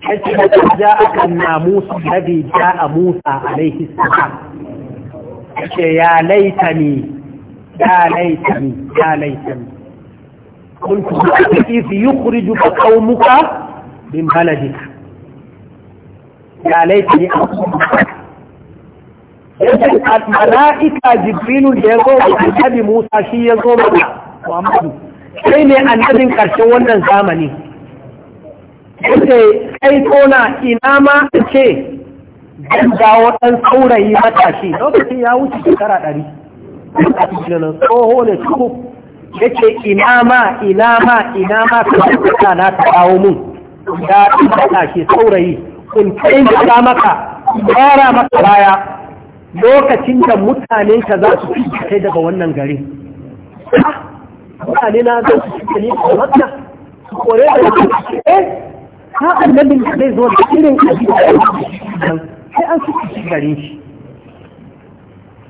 yake da ja aka Musa, nabi ja a musa alaihi salam yake ya laitani ya laitani ya laitani قلت كيف يخرجك قومك من بلدك يا ليتني اكون mala'ika jibrilu da ya zo da annabi musa shi ya zo maka muhammadu sai ne annabin ƙarshen wannan zamani yadda kai tona ina ma ce don ɗan saurayi matashi lokacin ya wuce shekara ɗari a cikin tsoho da cikin yake ina ma ina ma ina ma ka na ta kawo mun da ta matashi saurayi in kai da maka fara maka baya lokacin da mutane ka za su fi kai daga wannan gari ah, mutane na za su fi kai daga wannan kore da ha annabin da zai zo da irin abin sai an suka shi gare shi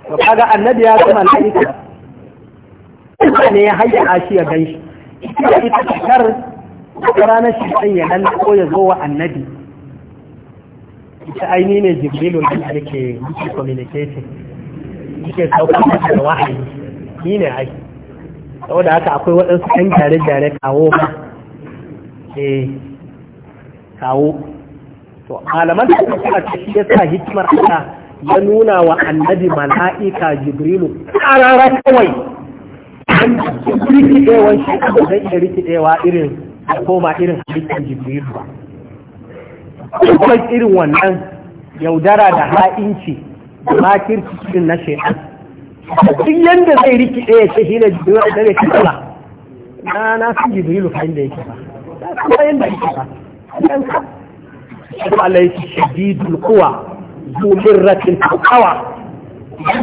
to kaga annabi ya zama mala'ika ne ya hayya shi ya gan shi ita ita kar ranar shi sai ya nan ko ya zo wa annabi ita aini ne jibrilu da yake yake communicating yake saukar da wahayi ni ne ai saboda haka akwai waɗansu ɗan gyare-gyare kawo ba eh kawo to malaman da suka ce ya sa hikimar Allah ya nuna wa annabi mala'ika jibrilu karara kawai an rikidewan shi ba zai iya rikidewa irin koma irin halittar jibrilu ba kuma irin wannan yaudara da ha'inci da makir cikin na shaitan duk yanda zai rikide ya ce shi ne jibrilu da ne kala na na su jibrilu fa da yake ba na san yanda yake ba kanka shi Allah yake shadidul quwa zu mirratin qawa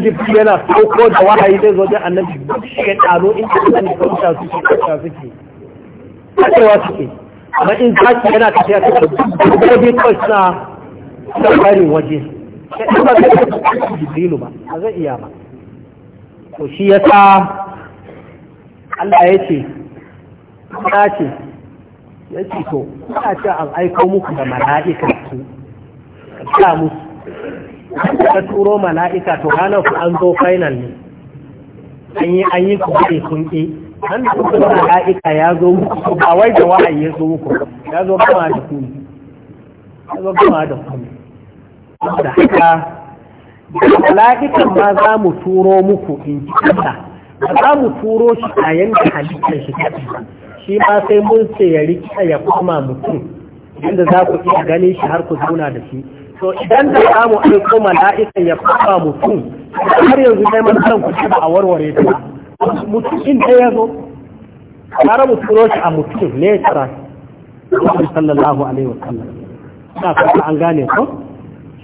jibril yana sauko da wahayi zai zo da annabi duk shaytano in ka sani kauta su ke kauta suke kadewa ke, amma in zaki yana tafiya ta dabbobi kawai suna safarin waje ya ba zai Jibrilu ba ba zai iya ba to shi ya sa, Allah ya ce ya ce ya ce to ba ce an aiko muku da mala'ika su ta musu ka turo mala'ika to ranar ku an zo final ne an yi an yi kuɗe kun ƙi an da da mala'ika ya zo muku ba wai da wahayi ya zo muku ya zo gama da ku ya zo gama da ku da haka mala'ikan ma za mu turo muku in ji ba za mu turo shi a yanda halittar shi ta ba shi ma sai mun ce ya a ya kuma mutum inda za ku iya ganin shi har ku zauna da shi to idan da samu ai koma la'ikan ya kuma mutum har yanzu dai mun san ku ba a warware ta mutum in da ya zo tare mu tsoro shi a mutum ne tara sallallahu alaihi wa sallam ina fata an gane ko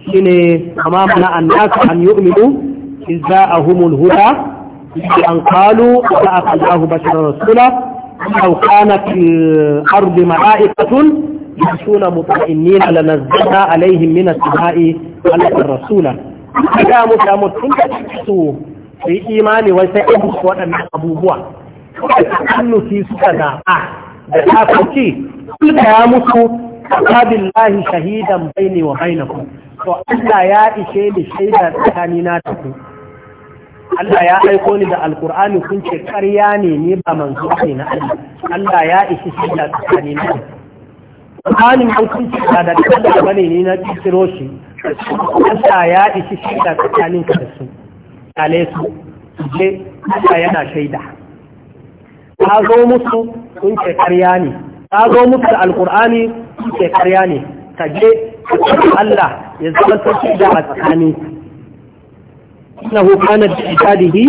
shine kama mana annaka an yu'minu إذ جاءهم الهدى أن قالوا فأخذناه بشرا رسولا لو كانت في الأرض ملائكة يمشون مطمئنين لنزلنا عليهم من السماء على الرسول kada mu samu tun da su su yi imani wai sai an musu waɗannan abubuwa annufi suka zaɓa da kafanci su da ya musu kabin lahi shahidan baini wa to Allah ya ishe ni shaida tsakanina da Allah ya aiko ni da Alƙur'ani kun ce ƙarya ne ni ba manzo ne na Allah Allah ya ishi shi da tsakani na Qur'ani mun sun ce ba da kanta ne ni na kisiro shi Allah ya ishi shi da tsakanin ka da su kale su je Allah yana shaida ka zo musu kun ce ƙarya ne ka zo musu da Alƙur'ani kun ce ƙarya ne ka je Allah ya zama sarki da tsakanin innahu kana bi ibadihi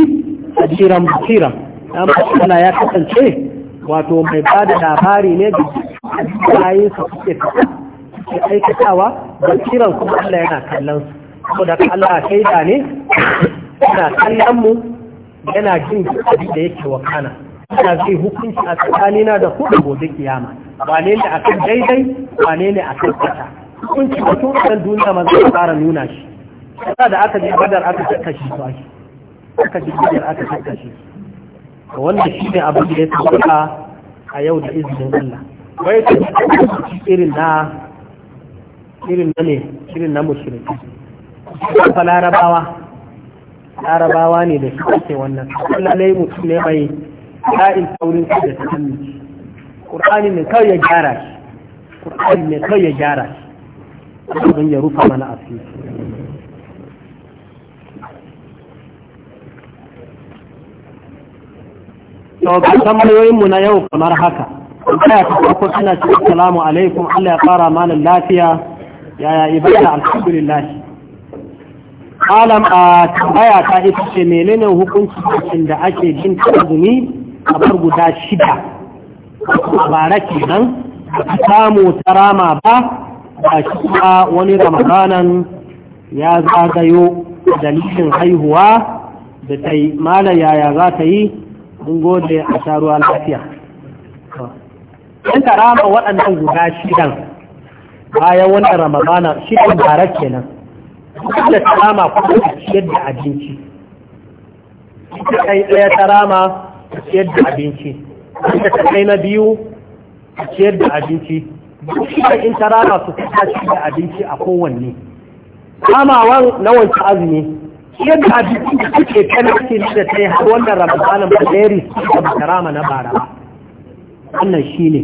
ajiran basira amma Allah ya kasance wato mai bada labari ne da bayin su suke ke aikatawa basiran kuma Allah yana kallon su saboda Allah shaida ne yana kallon mu yana jin abin da yake wakana yana zai hukunci a tsakanina da kuɗa gobe kiyama wane ne akan daidai wane ne akan kata hukunci mutum kan duniya ma zai fara nuna shi yasa da aka je badar aka kakkashi su ake aka je badar aka kakkashi wanda shi ne abin da ya tabbata a yau da izinin Allah bai ta irin na irin na ne irin na mushriki fa larabawa larabawa ne da su ake wannan lallai mutum ne mai ra'in saurin su da tafiye ƙur'ani ne kawai ya gyara shi ƙur'ani ne kawai ya gyara shi abin ya rufa mana asiri to ga tambayoyin mu na yau kamar haka ta ta farko suna ce assalamu alaikum Allah ya fara mana lafiya yaya ibada alhamdulillah alam a tambaya ta ita ce menene hukuncin da ake jin tarzumi a bar guda shida a bara kenan a samu tarama ba Ba shi wani ramadanan ya zagayo dalilin haihuwa da ta yi mala yaya za ta yi mun gode a sha ruwa lafiya in ka rama waɗannan guda shidan bayan wannan ramadana shidan bara kenan kuma da ta rama kuma da ciyar da abinci ita kai ɗaya ta rama ciyar da abinci ita ta kai na biyu da ciyar da abinci shidan in ta rama su ta ciyar da abinci a kowanne ramawan na wancan azumi yadda abincin da suke kanakin da ta yi har wannan ramadanin baleri da makarama na bara ba wannan shi ne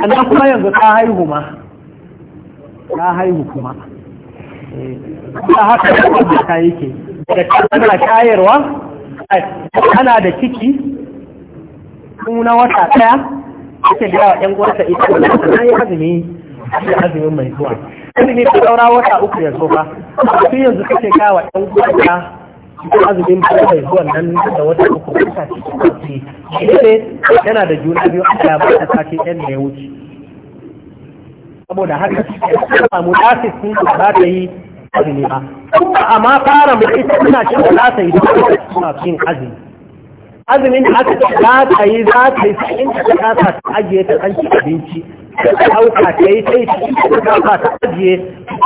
sannan kuma yanzu ta haihu ma ta haihu kuma ta eh, haka da wanda ta yake da tana shayarwa ana da ciki na wata ɗaya ake da yawa ‘yan gwarsa ita da ta yi azumi a azumin mai zuwa azumi ka daura wata uku ya yanzu ba su yanzu kake kawa ɗan uwanka cikin azumin bai zuwa nan da wata uku kusa cikin kwanci shi ne yana da juna biyu a ya bata sati ɗan da ya wuce saboda haka ya samu lasis sun su ba ta yi azumi ba kuma a ma fara mu ita suna cin da lasa idan suna cin azumi azumin haka za ta yi za ta yi sai inda ta kasa ta ajiye ta ɗan abinci ta ɗauka ta yi yi ta yi ta ajiye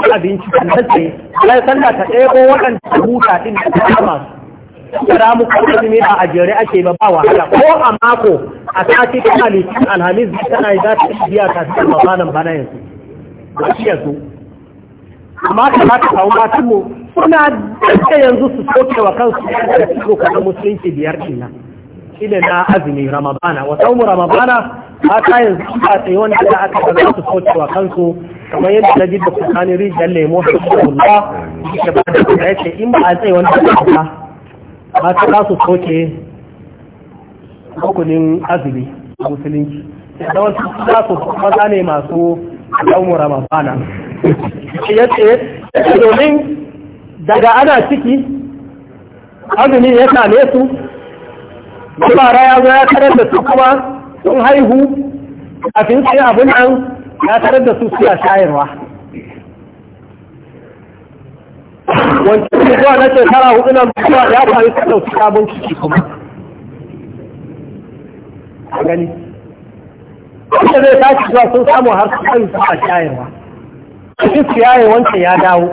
ta abinci ta nan sai sai ta ɗebo waɗanda ta huta ɗin da ta kama ta ramu kan azumi a ajere ake ba ba wahala ko a mako a sati ta halittu alhamis tana yi za ta biya ta ta mabanan bana yanzu ba shi yanzu amma ta za ta kawo matanmu suna da yanzu su soke wa kansu da cikin kaɗan musulunci biyar ɗin nan shine na azumi ramadana wa saumu ramadana ba ta yanzu ba tsaye wani da aka ga su soke wa kansu kamar yadda na jidda kusanin rijiyar lemo hafizullah yake ba da kuma yace in ba a tsaye wanda aka ba ta za su soke hukunin azumi musulunci da wasu za su maza ne masu saumu ramadana shi yace domin daga ana ciki azumi ya same su mabara ya zo ya tarar da su kuma sun haihu a fin sai abin an ya tarar da su suna shayarwa wancan zuwa na shekara hudu na zuwa ya faru su dauki sabon ciki kuma a gani wanda zai tashi zuwa sun samu har su kai su a shayarwa cikin su yaye wancan ya dawo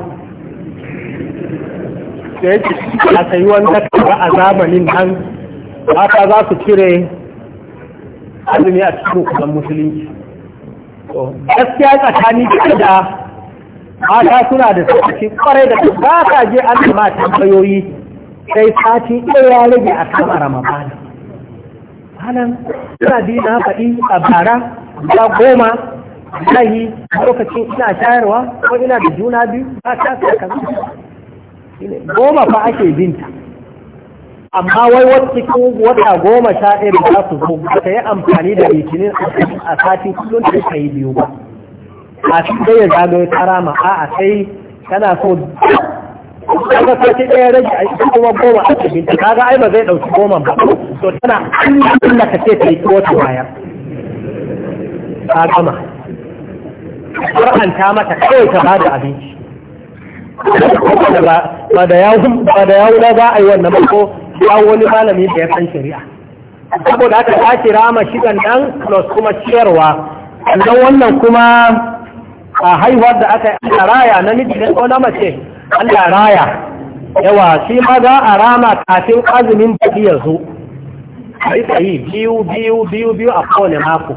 da yake a sayi wani kaba a zamanin nan mata za su cire azumi a cikin kusan musulunci gaskiya tsakani da mata suna da tsakaci kwarai da ba ka je an a tambayoyi sai sati ɗaya rage a kan ramadana halin suna na faɗi a bara ba goma lahi lokacin ina shayarwa ko ina da juna biyu ba ta goma fa ake binta amma wai wasu cikin wata goma sha ɗaya da za su zo ba ta yi amfani da litinin a sati kullum da ta yi biyu ba a su zai ya tara karama a a sai tana so kaga sati ɗaya rage a ita kuma goma a cikin ta kaga ai ba zai ɗauki goma ba to tana da ka ce ta yi wata baya ta gama ta mata kawai ta bada abinci ba da ba za a yi wannan ba ko ba wani malami da ya san shari'a saboda aka ta kira ma shigan nan plus kuma ciyarwa sannan wannan kuma a haihuwar da aka yi raya na miji ne ko na mace Allah raya yawa shi ma za a rama kafin azumin baki ya zo a yi biyu biyu biyu biyu a kowane mako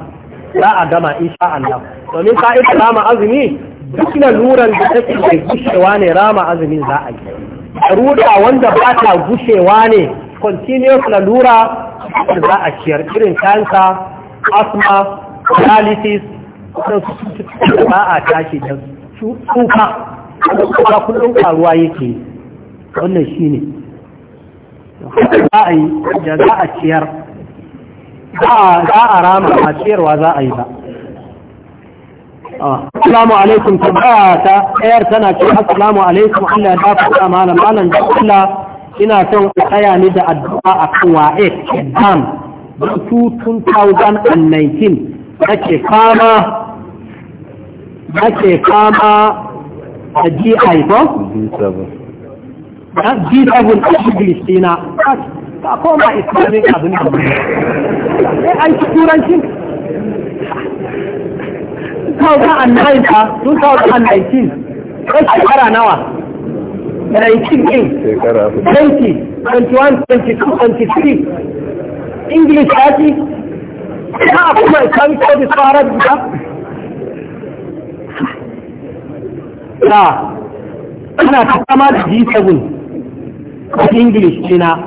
za a gama insha Allah domin ka ita rama azumi duk laluran da take da gushewa ne rama azumin za a yi ruda wanda ba ta gushewa ne continuous lalura da za a ciyar irin kansa asma paralysis da su ba a tashi da tsufa da kuma kullum karuwa yake wannan shi ne za a yi da za a ciyar za a rama a ciyarwa za a yi ba assalamu alaikum ta ayar tana ce assalamu alaikum Allah ya dafa malam malam Allah ina son tsaya ni da addu'a a kan wa'e exam 2019 nake fama nake fama a GI ko? G7 a English dina ta koma islamic abin da an ci turancin? 2009 a 2019 ɗan shekara nawa 20 21 23 english ya ta kuma da ana ta kama da g7 a english kuma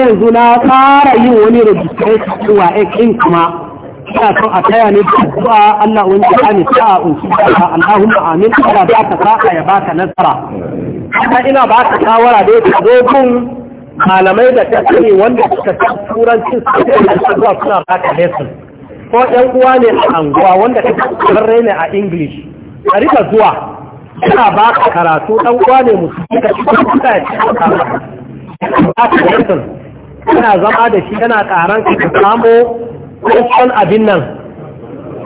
yanzu na fara yin wani registration kuma ina son a taya ne da addu'a Allah wani ta ne ta a unsu da amin Allah ba ka sa'a ya baka nasara haka ina ba ka shawara da ka zo malamai da ta sani wanda suka san turancin su da zuwa suna ba ka lesson ko ɗan uwa ne a anguwa wanda ka karre ne a English a rika zuwa ina ba ka karatu ɗan uwa ne musulmi ka ci kuka ya ci kuka ba ka lesson kana zama da shi yana ƙaran ka samu kusan abin nan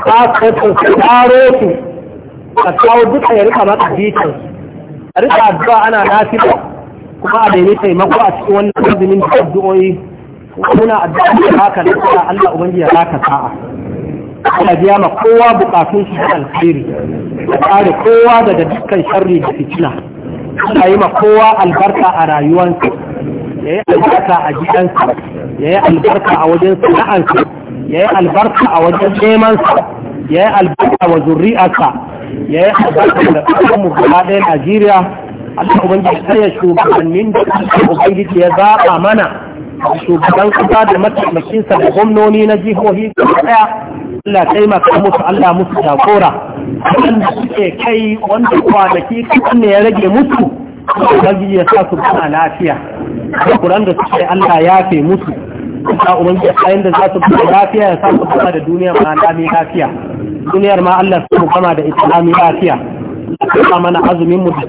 ka kusan tsaro su ka kawo duka ya rika maka bitan a rika addu'a ana lafiya kuma a daidai taimako a cikin wannan azumin da addu'o'i muna addu'a da haka da kuma Allah ubangiji ya baka sa'a Allah biya ma kowa bukatun shi da alkhairi ya kare kowa daga dukkan sharri da fitina Allah yi ma kowa albarka a rayuwarsa ya yi albarka a gidansa ya yi albarka a wajen sana'arsa ya yi albarka a wajen nemansa ya yi albarka wa zurri'arsa ya yi albarka da ƙasar mu gaba ɗaya Najeriya Allah ubangiji sai ya shugabannin da Allah ubangiji ya zaɓa mana shugaban kasa da mataimakinsa da gwamnoni na jihohi gaba ɗaya Allah taimaka musu Allah musu jagora wanda suke kai wanda kwanaki kaɗan ne ya rage musu ubangiji ya sa su bana lafiya Kuran da suke Allah ya fe musu Allah ubangiji kayan da za su fi lafiya ya sa su kama da duniya ma lami lafiya duniyar ma Allah su mu kama da ita lami lafiya Allah mana azumin mu da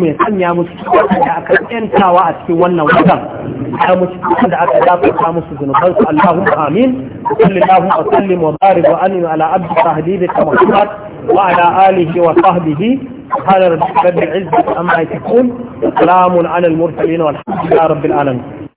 mai sanya musu da aka yantawa a cikin wannan watan ya musu da aka dafa musu zunuban su Allahumma amin sallallahu wa sallim wa barik wa annu ala abdika habibika Muhammad wa ala alihi wa sahbihi سبحان ربك رب العزة عما يصفون سلام على المرسلين والحمد لله رب العالمين